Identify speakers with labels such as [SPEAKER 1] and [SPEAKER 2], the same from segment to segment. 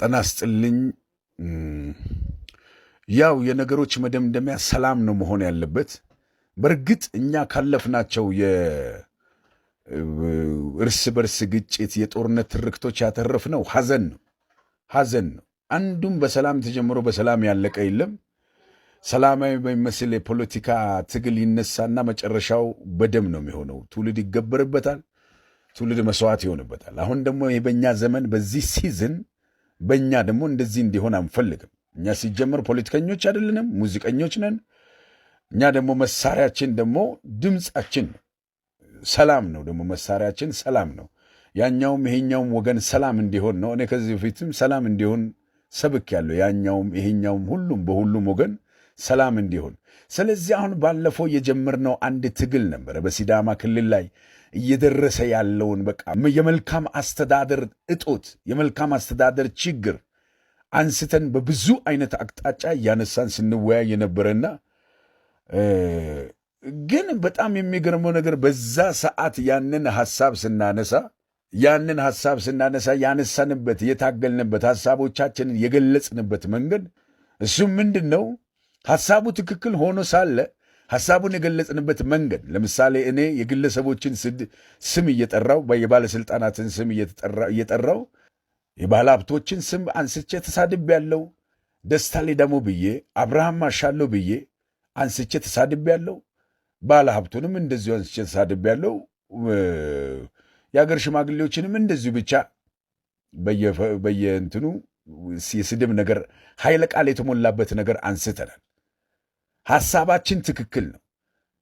[SPEAKER 1] ጤና ይስጥልኝ። ያው የነገሮች መደምደሚያ ሰላም ነው መሆን ያለበት። በእርግጥ እኛ ካለፍናቸው የእርስ በርስ ግጭት፣ የጦርነት ትርክቶች ያተረፍነው ሐዘን ነው ሐዘን ነው። አንዱም በሰላም ተጀምሮ በሰላም ያለቀ የለም። ሰላማዊ በሚመስል የፖለቲካ ትግል ይነሳና መጨረሻው በደም ነው የሚሆነው። ትውልድ ይገበርበታል፣ ትውልድ መስዋዕት ይሆንበታል። አሁን ደግሞ በእኛ ዘመን በዚህ ሲዝን በእኛ ደግሞ እንደዚህ እንዲሆን አንፈልግም። እኛ ሲጀምር ፖለቲከኞች አይደለንም፣ ሙዚቀኞች ነን። እኛ ደግሞ መሳሪያችን ደግሞ ድምፃችን ሰላም ነው። ደግሞ መሳሪያችን ሰላም ነው። ያኛውም ይሄኛውም ወገን ሰላም እንዲሆን ነው። እኔ ከዚህ በፊትም ሰላም እንዲሆን ሰብክ ያለው ያኛውም ይሄኛውም ሁሉም በሁሉም ወገን ሰላም እንዲሆን። ስለዚህ አሁን ባለፈው የጀመርነው አንድ ትግል ነበረ በሲዳማ ክልል ላይ እየደረሰ ያለውን በቃ የመልካም አስተዳደር እጦት፣ የመልካም አስተዳደር ችግር አንስተን በብዙ አይነት አቅጣጫ እያነሳን ስንወያይ ነበረና ግን በጣም የሚገርመው ነገር በዛ ሰዓት ያንን ሐሳብ ስናነሳ ያንን ሐሳብ ስናነሳ ያነሳንበት የታገልንበት ሐሳቦቻችንን የገለጽንበት መንገድ እሱም ምንድን ነው ሐሳቡ ትክክል ሆኖ ሳለ ሐሳቡን የገለጽንበት መንገድ ለምሳሌ እኔ የግለሰቦችን ስም እየጠራው የባለሥልጣናትን ስም እየጠራው የባለ ሀብቶችን ስም አንስቼ ተሳድብ ያለው ደስታ ደግሞ ብዬ አብርሃም ማሻለው ብዬ አንስቼ ተሳድብ ያለው ባለ ሀብቱንም እንደዚሁ አንስቼ ተሳድብ ያለው የአገር ሽማግሌዎችንም እንደዚሁ ብቻ በየእንትኑ የስድብ ነገር ኃይለ ቃል የተሞላበት ነገር አንስተናል። ሐሳባችን ትክክል ነው።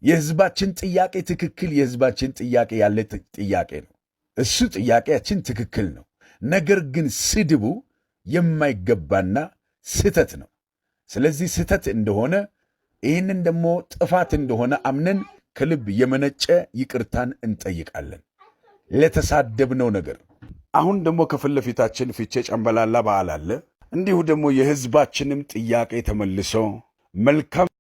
[SPEAKER 1] የህዝባችን ጥያቄ ትክክል፣ የህዝባችን ጥያቄ ያለ ጥያቄ ነው። እሱ ጥያቄያችን ትክክል ነው። ነገር ግን ስድቡ የማይገባና ስህተት ነው። ስለዚህ ስህተት እንደሆነ ይህንን ደግሞ ጥፋት እንደሆነ አምነን ከልብ የመነጨ ይቅርታን እንጠይቃለን ለተሳደብነው ነገር። አሁን ደግሞ ከፊት ለፊታችን ፊቼ ጨምበላላ በዓል አለ። እንዲሁ ደግሞ የህዝባችንም ጥያቄ ተመልሶ መልካም